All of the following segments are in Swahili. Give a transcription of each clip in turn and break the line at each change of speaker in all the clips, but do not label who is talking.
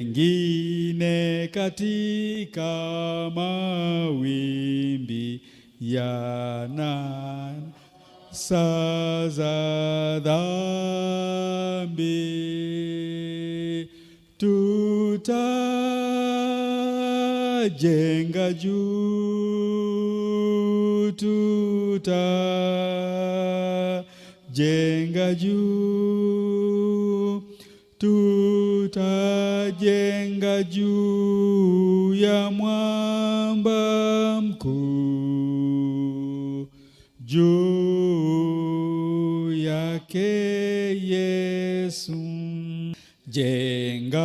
ingine katika mawimbi yana saza dhambi, tutajenga juu, tutajenga juu ya juu ya mwamba mkuu, juu yake Yesu, jenga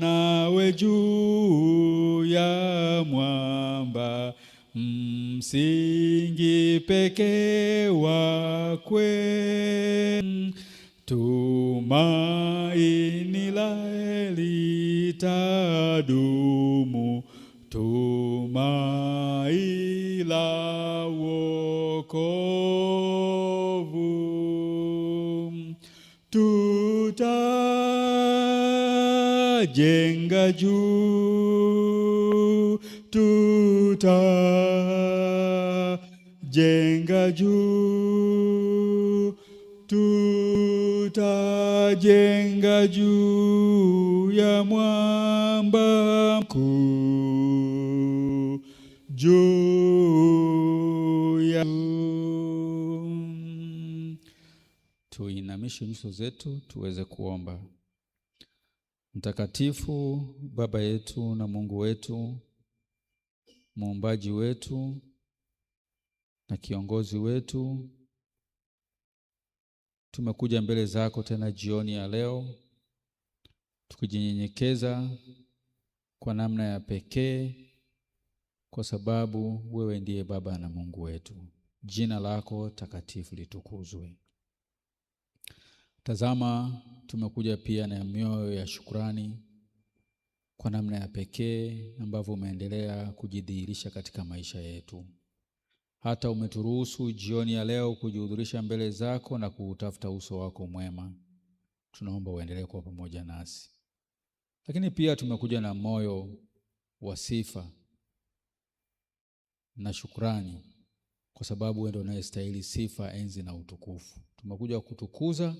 nawe juu ya mwamba msingi pekee wakwe Tumaini la litadumu, tumaini la wokovu. Tutajenga juu, tutajenga juu utajenga juu ya mwamba mkuu, juu ya.
Tuinamishe nyuso zetu tuweze kuomba. Mtakatifu, Baba yetu na Mungu wetu, muumbaji wetu na kiongozi wetu Tumekuja mbele zako tena jioni ya leo tukijinyenyekeza kwa namna ya pekee, kwa sababu wewe ndiye Baba na Mungu wetu. Jina lako takatifu litukuzwe. Tazama, tumekuja pia na mioyo ya shukrani kwa namna ya pekee ambavyo umeendelea kujidhihirisha katika maisha yetu hata umeturuhusu jioni ya leo kujihudhurisha mbele zako na kuutafuta uso wako mwema. Tunaomba uendelee kuwa pamoja nasi, lakini pia tumekuja na moyo wa sifa na shukrani, kwa sababu wewe ndio unayestahili sifa, enzi na utukufu. Tumekuja kutukuza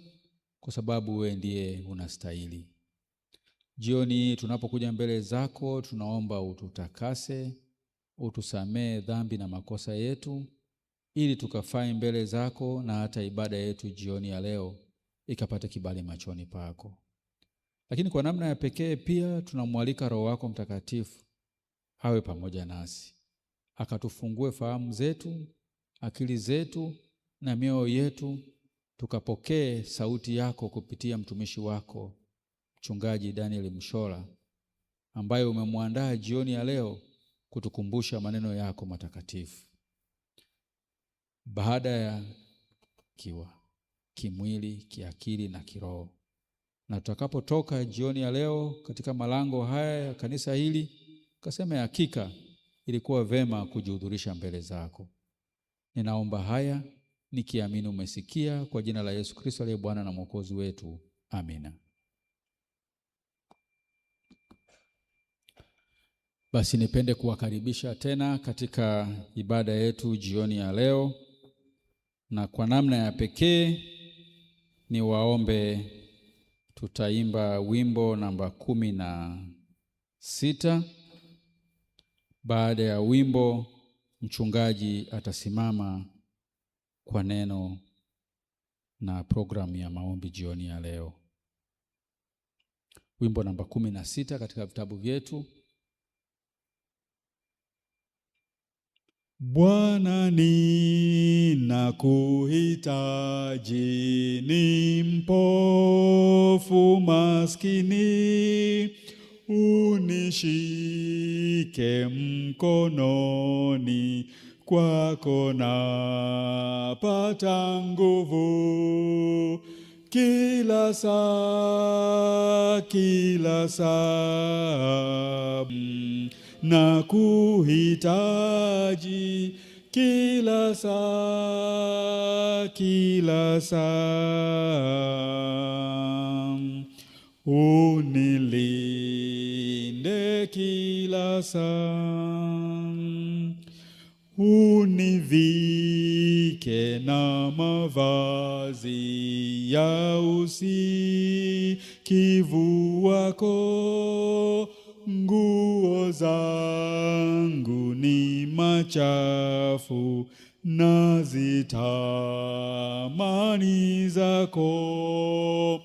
kwa sababu wewe ndiye unastahili. Jioni tunapokuja mbele zako, tunaomba ututakase utusamee dhambi na makosa yetu, ili tukafae mbele zako, na hata ibada yetu jioni ya leo ikapata kibali machoni pako. Lakini kwa namna ya pekee pia tunamwalika Roho wako Mtakatifu awe pamoja nasi, akatufungue fahamu zetu, akili zetu na mioyo yetu, tukapokee sauti yako kupitia mtumishi wako Mchungaji Daniel Mshola ambaye umemwandaa jioni ya leo kutukumbusha maneno yako matakatifu. Baada ya kiwa kimwili, kiakili na kiroho, na tutakapotoka jioni ya leo katika malango haya ya kanisa hili, kasema hakika ilikuwa vema kujihudhurisha mbele zako. Ninaomba haya nikiamini umesikia, kwa jina la Yesu Kristo aliye Bwana na Mwokozi wetu, amina. Basi nipende kuwakaribisha tena katika ibada yetu jioni ya leo, na kwa namna ya pekee ni waombe. Tutaimba wimbo namba kumi na sita. Baada ya wimbo, mchungaji atasimama kwa neno na programu ya maombi jioni ya leo. Wimbo namba kumi na sita katika vitabu vyetu.
Bwana, ni kuhitaji ni mpofu maskini, unishike mkononi, kwako napata nguvu. Kila saa, kila saa mm na kuhitaji kila saa, kila saa. Unilinde kila saa, univike na mavazi ya usikivu wako zangu ni machafu, nazitamani zako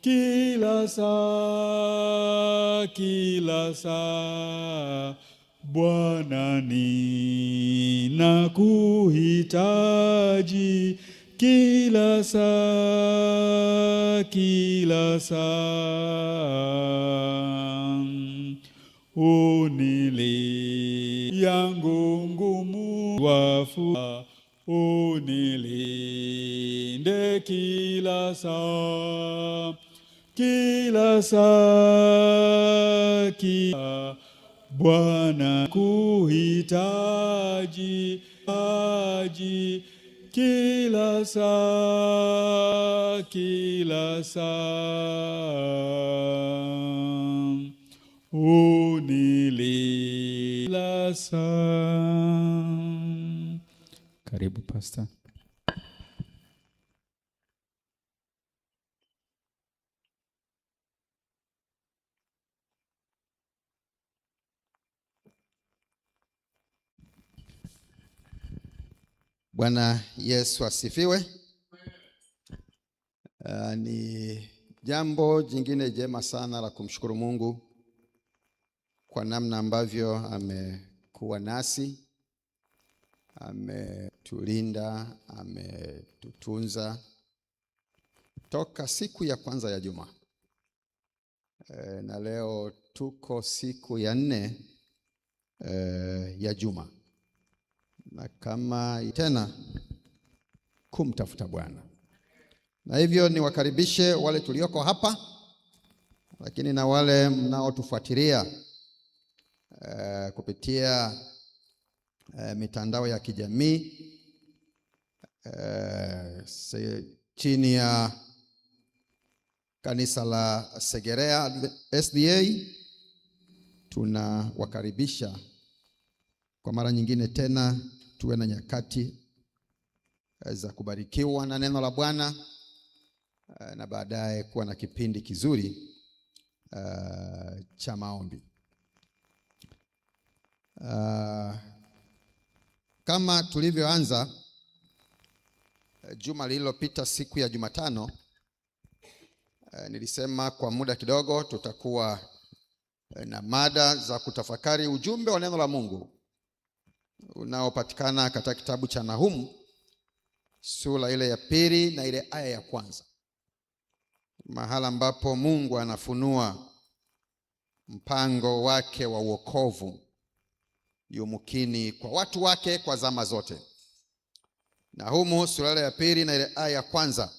kila saa, kila saa. Bwana, ni nakuhitaji kila saa, kila saa unilia ngumu wafua unilinde kila saa kila saa kila Bwana kuhitaji aji kila saa kila saa sasa.
Karibu pasta.
Bwana Yesu asifiwe. Uh, ni jambo jingine jema sana la kumshukuru Mungu kwa namna ambavyo ame kuwa nasi, ametulinda, ametutunza toka siku ya kwanza ya juma e, eh, na leo tuko siku ya nne e, ya juma, na kama tena kumtafuta Bwana, na hivyo niwakaribishe wale tulioko hapa, lakini na wale mnaotufuatilia Eh, kupitia uh, mitandao ya kijamii uh, chini ya kanisa la Segerea SDA tunawakaribisha kwa mara nyingine tena, tuwe na nyakati za kubarikiwa na neno la Bwana na baadaye kuwa na kipindi kizuri uh, cha maombi. Uh, kama tulivyoanza eh, juma lililopita siku ya Jumatano, uh, nilisema kwa muda kidogo tutakuwa eh, na mada za kutafakari ujumbe wa neno la Mungu unaopatikana katika kitabu cha Nahumu sura ile ya pili na ile aya ya kwanza, mahala ambapo Mungu anafunua mpango wake wa uokovu yumkini kwa watu wake kwa zama zote. Nahumu sura ya pili na ile aya ya kwanza,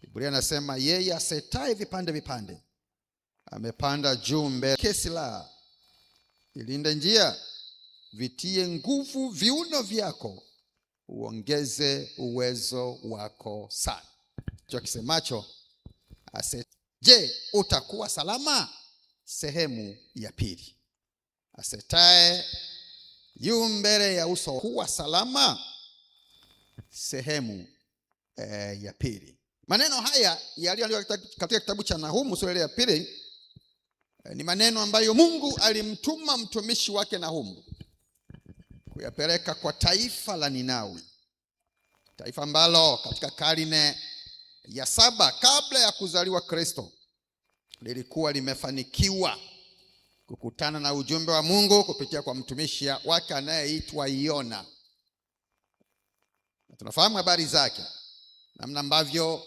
Biblia inasema yeye asetaye vipande vipande amepanda juu mbele, kesi la ilinde njia, vitie nguvu viuno vyako, uongeze uwezo wako sana. Cho kisemacho asetaye, je, utakuwa salama? Sehemu ya pili asetae yu mbele ya uso kuwa salama. Sehemu e, ya pili. Maneno haya yaliyoandikwa katika kitabu cha Nahumu sura ya pili e, ni maneno ambayo Mungu alimtuma mtumishi wake Nahumu kuyapeleka kwa taifa la Ninawi, taifa ambalo katika karne ya saba kabla ya kuzaliwa Kristo lilikuwa limefanikiwa kukutana na ujumbe wa Mungu kupitia kwa mtumishi wake anayeitwa Yona. Tunafahamu habari zake, namna ambavyo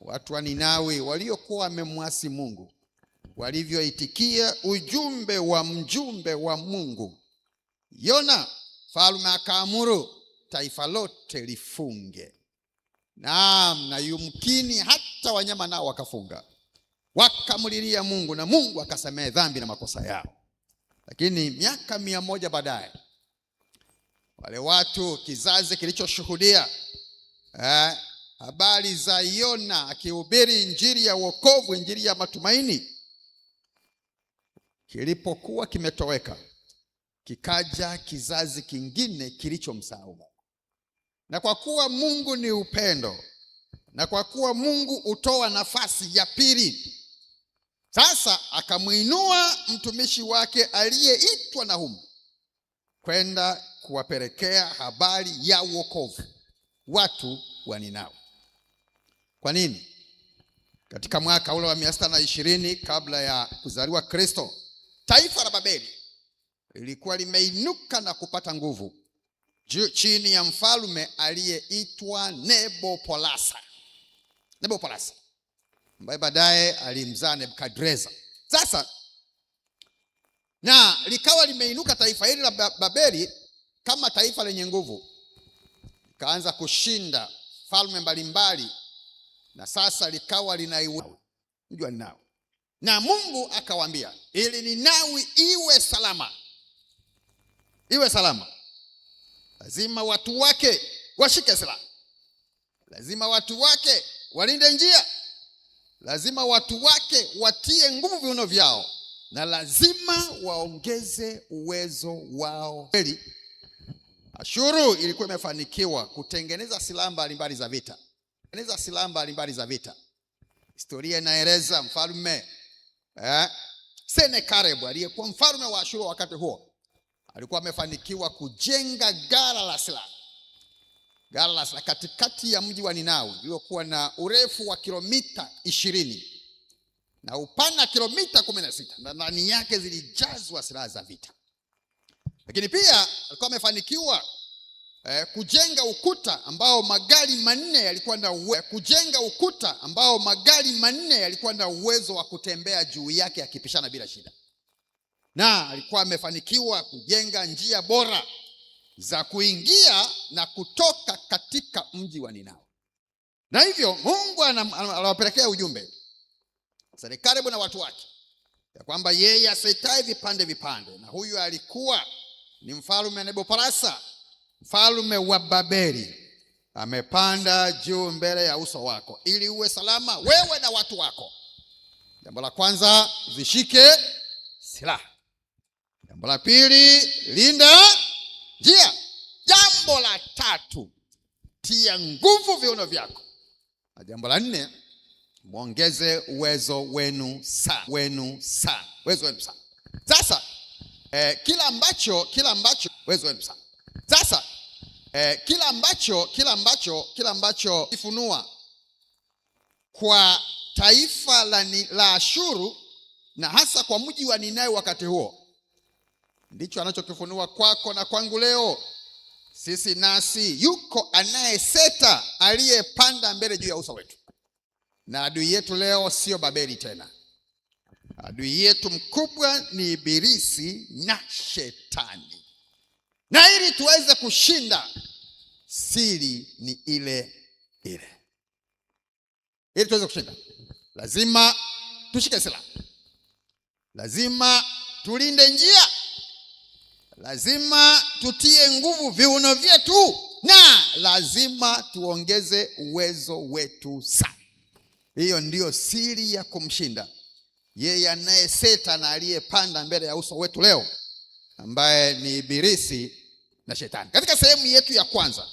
watu wa Ninawi waliokuwa wamemwasi Mungu walivyoitikia ujumbe wa mjumbe wa Mungu Yona. Mfalme akaamuru taifa lote lifunge, naam, na yumkini hata wanyama nao wakafunga wakamlilia Mungu na Mungu akasamehe dhambi na makosa yao. Lakini miaka mia moja baadaye wale watu, kizazi kilichoshuhudia eh, habari za Yona akihubiri injili ya wokovu, injili ya matumaini, kilipokuwa kimetoweka, kikaja kizazi kingine kilichomsahau Mungu. Na kwa kuwa Mungu ni upendo na kwa kuwa Mungu hutoa nafasi ya pili sasa akamwinua mtumishi wake aliyeitwa Nahumu kwenda kuwapelekea habari ya wokovu watu wa Ninawi. Kwa nini? Katika mwaka ule wa mia sita na ishirini kabla ya kuzaliwa Kristo, taifa la Babeli lilikuwa limeinuka na kupata nguvu chini ya mfalme aliyeitwa Nebopolasa. Nebopolasa ambaye baadaye alimzaa Nebukadreza. Sasa na likawa limeinuka taifa hili la Babeli kama taifa lenye nguvu, likaanza kushinda falme mbalimbali, na sasa likawa linaiwa mji Ninawi, na Mungu akawaambia ili Ninawi iwe salama, iwe salama, lazima watu wake washike silaha, lazima watu wake walinde njia lazima watu wake watie nguvu viuno vyao na lazima waongeze uwezo wao. Kweli Ashuru ilikuwa imefanikiwa kutengeneza silaha mbalimbali za vita, kutengeneza silaha mbalimbali za vita. Historia inaeleza mfalme eh, Senakeribu aliyekuwa mfalme wa Ashuru wakati huo alikuwa amefanikiwa kujenga gara la silaha Galas na katikati ya mji wa Ninawi uliokuwa na urefu wa kilomita ishirini na upana kilomita kumi na sita na ndani yake zilijazwa silaha za vita. Lakini pia alikuwa amefanikiwa eh, kujenga ukuta ambao magari manne yalikuwa na uwe, kujenga ukuta ambao magari manne yalikuwa na uwezo wa kutembea juu yake yakipishana bila shida, na alikuwa amefanikiwa kujenga njia bora za kuingia na kutoka katika mji wa Ninawi. Na hivyo Mungu anawapelekea ujumbe serikali na watu wake ya kwamba yeye asetai vipande vipande, na huyu alikuwa ni mfalme nebuparasa mfalme wa Babeli, amepanda juu mbele ya uso wako, ili uwe salama wewe na watu wako. Jambo la kwanza, zishike silaha. Jambo la pili, linda njia. Jambo la tatu, tia nguvu viuno vyako, na jambo la nne, mwongeze uwezo wenu sana, wenu sana, uwezo wenu sana. Sasa eh, kila ambacho kila ambacho uwezo wenu sana. Sasa eh, kila ambacho kila ambacho kila ambacho ifunua kwa taifa la, ni, la Ashuru na hasa kwa mji wa Ninawi wakati huo ndicho anachokifunua kwako na kwangu leo. Sisi nasi yuko anayeseta, aliyepanda mbele juu ya uso wetu, na adui yetu leo sio Babeli tena. Adui yetu mkubwa ni Ibilisi na Shetani, na ili tuweze kushinda, siri ni ile ile. Ili tuweze kushinda, lazima tushike silaha, lazima tulinde njia Lazima tutie nguvu viuno vyetu na lazima tuongeze uwezo wetu sana. Hiyo ndiyo siri ya kumshinda yeye anayeseta na aliyepanda mbele ya uso wetu leo, ambaye ni Ibilisi na Shetani. Katika sehemu yetu ya kwanza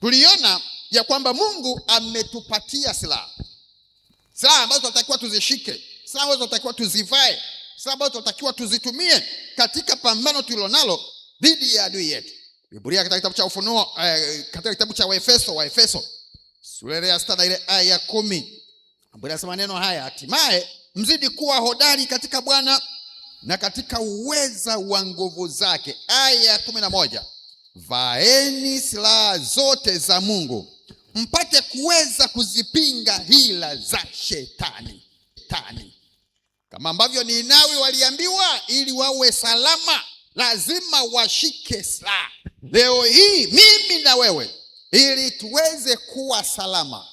tuliona ya kwamba Mungu ametupatia silaha, silaha ambazo tunatakiwa tuzishike, silaha ambazo tunatakiwa tuzivae silaha ambazo tunatakiwa tuzitumie katika pambano tulilonalo dhidi ya adui yetu. Biblia katika kitabu cha Ufunuo eh, katika kitabu cha Waefeso, Waefeso sura ya sita na ile aya ya kumi ambapo inasema maneno haya, hatimaye mzidi kuwa hodari katika Bwana na katika uweza wa nguvu zake. Aya ya kumi na moja vaeni silaha zote za Mungu mpate kuweza kuzipinga hila za shetani tani kama ambavyo nawe waliambiwa ili wawe salama lazima washike silaha Leo hii mimi na wewe, ili tuweze kuwa salama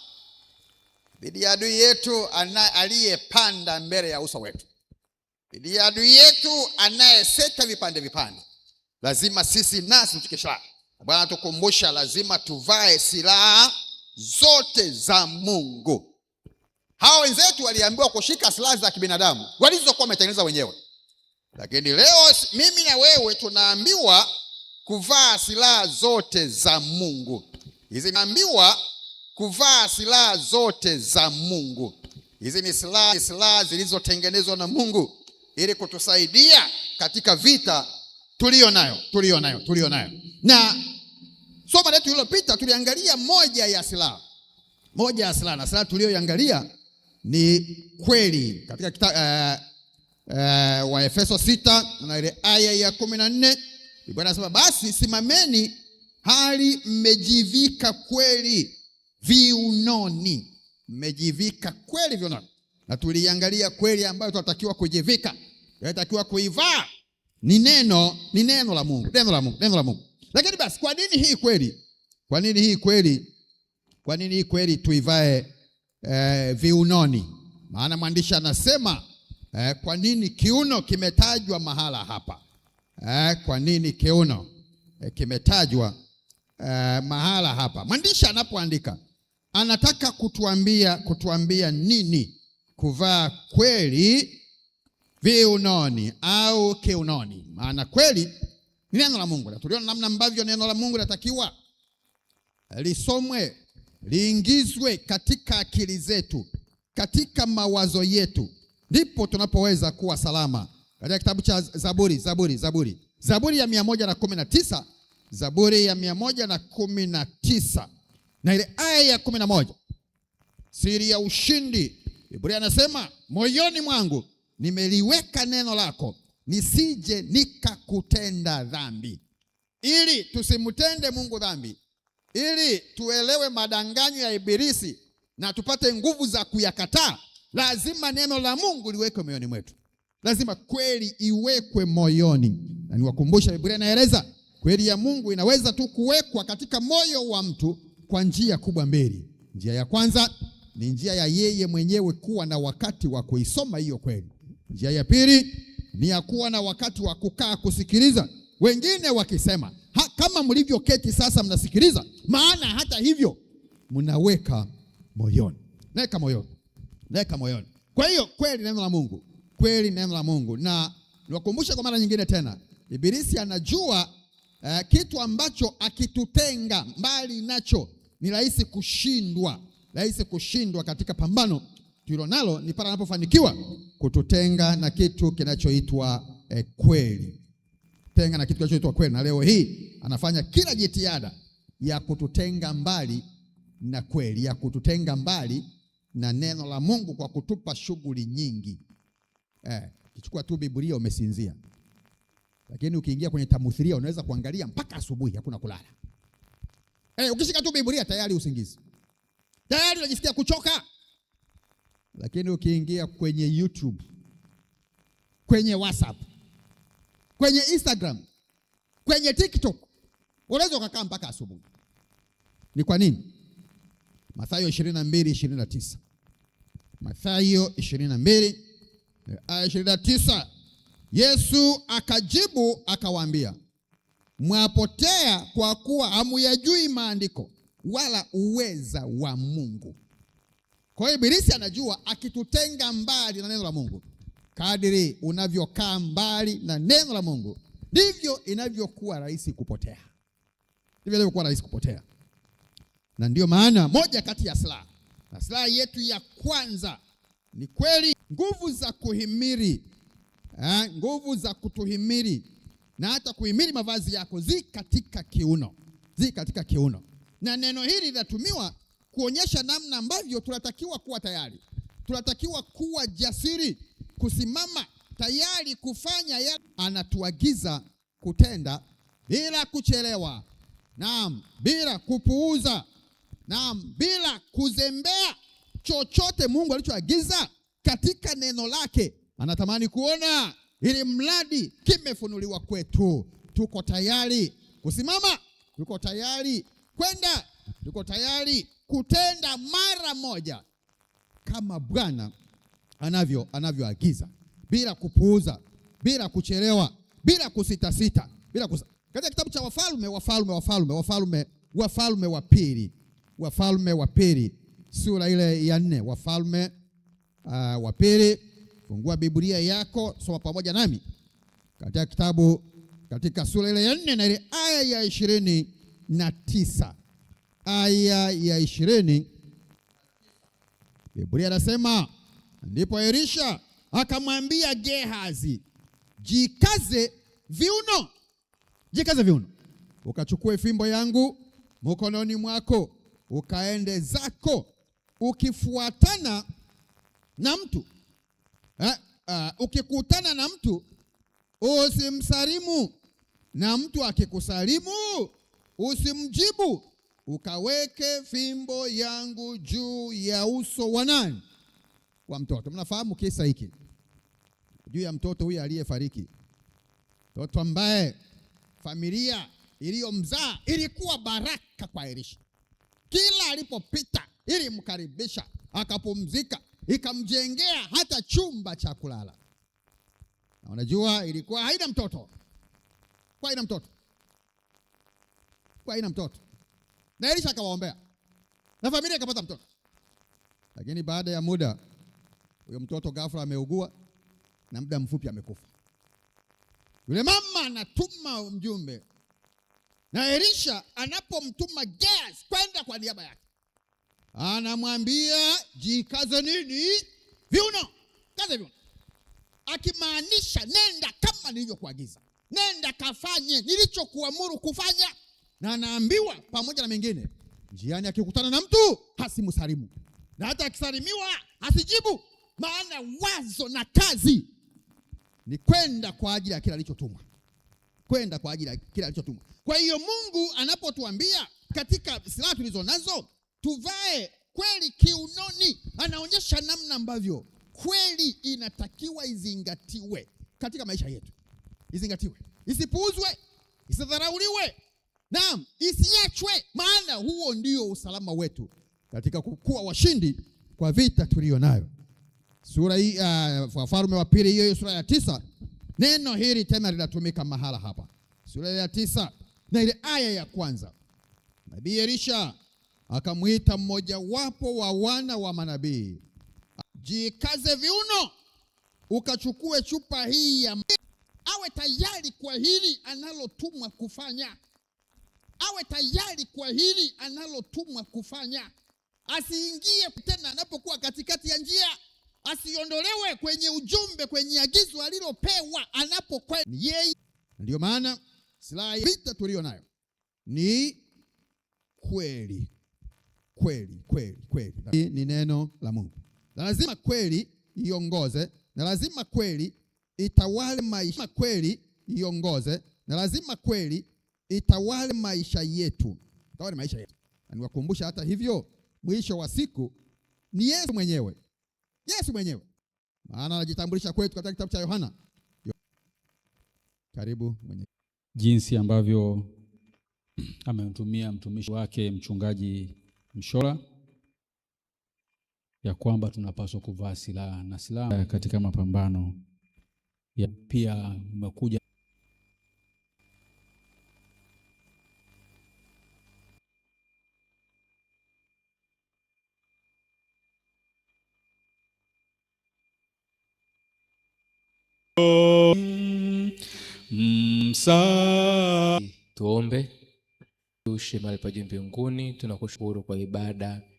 dhidi ya adui yetu aliyepanda mbele ya uso wetu, dhidi ya adui yetu anayeseta vipande vipande, lazima sisi nasi tushike silaha Bwana tukumbusha, lazima tuvae silaha zote za Mungu. Hawa wenzetu waliambiwa kushika silaha za kibinadamu walizokuwa wametengeneza wenyewe, lakini leo mimi na wewe tunaambiwa kuvaa silaha zote za Mungu. Hizi naambiwa kuvaa silaha zote za Mungu. Hizi ni silaha, silaha zilizotengenezwa na Mungu ili kutusaidia katika vita tuliyo nayo tuliyo nayo tuliyo nayo. Na somo letu lililopita tuliangalia moja ya silaha, moja ya silaha, na silaha tuliyoiangalia ni kweli katika kita, uh, eh, uh, eh, Waefeso sita na ile aya ya kumi na nne Biblia inasema basi simameni hali mmejivika kweli viunoni, mmejivika kweli viunoni. Na tuliangalia kweli ambayo tunatakiwa kujivika, tunatakiwa kuivaa ni neno, ni neno la Mungu, neno la Mungu, neno la Mungu. Lakini basi kwa nini hii kweli? Kwa nini hii kweli? Kwa nini hii kweli tuivae eh, viunoni. Maana mwandishi anasema eh, kwa nini kiuno kimetajwa mahala hapa eh, kwa nini kiuno eh, kimetajwa eh, mahala hapa? Mwandishi anapoandika anataka kutuambia, kutuambia nini? Kuvaa kweli viunoni au kiunoni, maana kweli ni neno la Mungu, na tuliona namna ambavyo neno la Mungu linatakiwa lisomwe liingizwe katika akili zetu, katika mawazo yetu, ndipo tunapoweza kuwa salama. Katika kitabu cha Zaburi, Zaburi, Zaburi, Zaburi ya mia moja na kumi na tisa Zaburi ya mia moja na kumi na tisa na ile aya ya kumi na moja siri ya ushindi. Biblia anasema moyoni mwangu nimeliweka neno lako, nisije nikakutenda dhambi. Ili tusimtende Mungu dhambi, ili tuelewe madanganyo ya Ibilisi na tupate nguvu za kuyakataa, lazima neno la Mungu liwekwe moyoni mwetu, lazima kweli iwekwe moyoni. Na niwakumbusha, Biblia inaeleza kweli ya Mungu inaweza tu kuwekwa katika moyo wa mtu kwa njia kubwa mbili. Njia ya kwanza ni njia ya yeye mwenyewe kuwa na wakati wa kuisoma hiyo kweli. Njia ya pili ni ya kuwa na wakati wa kukaa kusikiliza wengine wakisema kama mlivyoketi sasa mnasikiliza, maana hata hivyo mnaweka moyoni. Naweka moyoni, naweka moyoni. Kwa hiyo kweli neno la Mungu, kweli neno la Mungu. Na niwakumbushe kwa mara nyingine tena, Ibilisi anajua uh, kitu ambacho akitutenga mbali nacho ni rahisi kushindwa, rahisi kushindwa katika pambano tulilonalo, ni pale anapofanikiwa kututenga na kitu kinachoitwa eh, kweli kututenga na kitu kinachoitwa kweli, na leo hii anafanya kila jitihada ya kututenga mbali na kweli, ya kututenga mbali na neno la Mungu kwa kutupa shughuli nyingi. Eh, ukichukua tu Biblia umesinzia, lakini ukiingia kwenye tamthilia unaweza kuangalia mpaka asubuhi, hakuna kulala. Eh, ukishika tu Biblia tayari usingizi tayari unajisikia kuchoka, lakini ukiingia kwenye YouTube, kwenye WhatsApp kwenye Instagram, kwenye TikTok, unaweza ukakaa mpaka asubuhi. Ni kwa nini? Mathayo 22 29. Mathayo 22 29. Yesu akajibu akawaambia, mwapotea kwa kuwa hamuyajui maandiko wala uweza wa Mungu. Kwa hiyo Ibilisi anajua akitutenga mbali na neno la Mungu Kadiri unavyokaa mbali na neno la Mungu ndivyo inavyokuwa rahisi kupotea, ndivyo inavyokuwa rahisi kupotea. Na ndiyo maana moja kati ya silaha na silaha yetu ya kwanza ni kweli, nguvu za kuhimili ha, eh, nguvu za kutuhimili na hata kuhimili mavazi yako zi katika kiuno, zi katika kiuno. Na neno hili linatumiwa kuonyesha namna ambavyo tunatakiwa kuwa tayari, tunatakiwa kuwa jasiri kusimama tayari kufanya yale anatuagiza kutenda bila kuchelewa. Naam, bila kupuuza. Naam, bila kuzembea chochote Mungu alichoagiza katika neno lake. Anatamani kuona ili mradi kimefunuliwa kwetu. Tuko tayari kusimama, tuko tayari kwenda, tuko tayari kutenda mara moja kama Bwana anavyo anavyoagiza bila kupuuza, bila kuchelewa, bila kusitasita, bila kus... katika kitabu cha Wafalme Wafalme Wafalme Wafalme Wafalme wa pili Wafalme wa pili sura ile ya nne Wafalme uh, wa pili. Fungua Biblia yako soma pamoja nami katika kitabu katika sura ile ya nne na ile aya ya ishirini na tisa aya ya ishirini Biblia anasema Ndipo Elisha akamwambia Gehazi, jikaze viuno, jikaze viuno, ukachukue fimbo yangu mkononi mwako, ukaende zako ukifuatana na mtu ha, eh, uh, ukikutana na mtu usimsalimu, na mtu akikusalimu usimjibu, ukaweke fimbo yangu juu ya uso wa nani? wa mtoto. Mnafahamu kisa hiki juu ya mtoto huyu aliyefariki, mtoto ambaye familia iliyomzaa ilikuwa baraka kwa Elisha. Kila alipopita ilimkaribisha, akapumzika, ikamjengea hata chumba cha kulala. Na unajua ilikuwa haina mtoto kwa haina mtoto kwa haina mtoto, na Elisha akawaombea na familia ikapata mtoto, lakini baada ya muda huyo mtoto ghafla ameugua na muda mfupi amekufa. Yule mama anatuma mjumbe, na Elisha anapomtuma Gehazi kwenda kwa niaba yake, anamwambia jikaze nini viuno, kaze viuno, akimaanisha nenda kama nilivyokuagiza, nenda kafanye nilichokuamuru kufanya. Na anaambiwa pamoja na mengine, njiani akikutana na mtu hasimsalimu, na hata akisalimiwa asijibu maana wazo na kazi ni kwenda kwa ajili ya kila alichotumwa, kwenda kwa ajili ya kila alichotumwa. Kwa hiyo Mungu anapotuambia katika silaha tulizo nazo tuvae kweli kiunoni, anaonyesha namna ambavyo kweli inatakiwa izingatiwe katika maisha yetu, izingatiwe, isipuuzwe, isidharauliwe, naam, isiachwe, maana huo ndio usalama wetu katika kukuwa washindi kwa vita tuliyo nayo sura hii uh, eh, Wafalme wa pili hiyo sura ya tisa neno hili tena linatumika mahala hapa, sura ya tisa na ile aya ya kwanza. Nabii Elisha akamwita mmojawapo wa wana wa manabii, jikaze viuno, ukachukue chupa hii ya awe tayari kwa hili analotumwa kufanya, awe tayari kwa hili analotumwa kufanya, asiingie tena anapokuwa katikati ya njia asiondolewe kwenye ujumbe, kwenye agizo alilopewa anapokwenda yeye. Ndio maana silaha vita tuliyo nayo ni kweli, kweli, kweli, kweli. ni neno la Mungu na lazima kweli iongoze, na lazima kweli itawale maisha, kweli iongoze, na lazima kweli itawale maisha yetu, itawale maisha yetu. Niwakumbusha hata hivyo, mwisho wa siku ni Yesu mwenyewe. Yesu mwenyewe, maana anajitambulisha kwetu katika kitabu cha Yohana. Karibu mwenye
jinsi ambavyo amemtumia mtumishi wake mchungaji Mshola ya kwamba tunapaswa kuvaa silaha na silaha katika mapambano ya pia umekuja msa. Tuombe. Tushe mali pa juu mbinguni, tunakushukuru kwa ibada